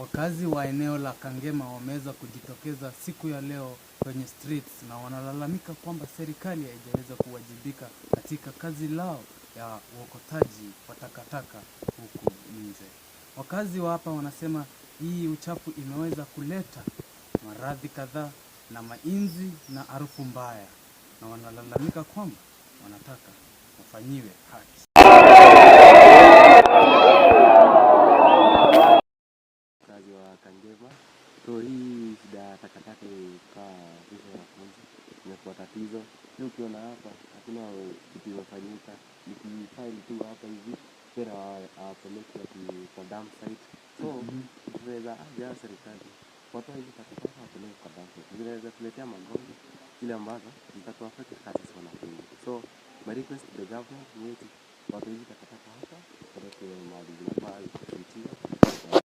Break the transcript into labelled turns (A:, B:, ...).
A: Wakazi wa eneo la Kangema wameweza kujitokeza siku ya leo kwenye streets na wanalalamika kwamba serikali haijaweza kuwajibika katika kazi lao ya uokotaji wa takataka huku nje. Wakazi wa hapa wanasema hii uchafu imeweza kuleta maradhi kadhaa na mainzi na harufu mbaya, na wanalalamika kwamba wanataka wafanyiwe haki.
B: shida ya takataka ilikaa ile ya kwanza imekuwa tatizo. Leo ukiona hapa hakuna kitu imefanyika. Nikifile tu hapa hivi tena hawapeleki ati kwa dump So tunaweza mhm. aja serikali watoa hizi takataka wapeleke kwa dump Zinaweza tuletea magonjwa zile ambazo zitatuaffect kazi wanafunzi. So my request to the government ni eti watoa hizi takataka hapa wapeleke mahali zinafaa kupitiwa.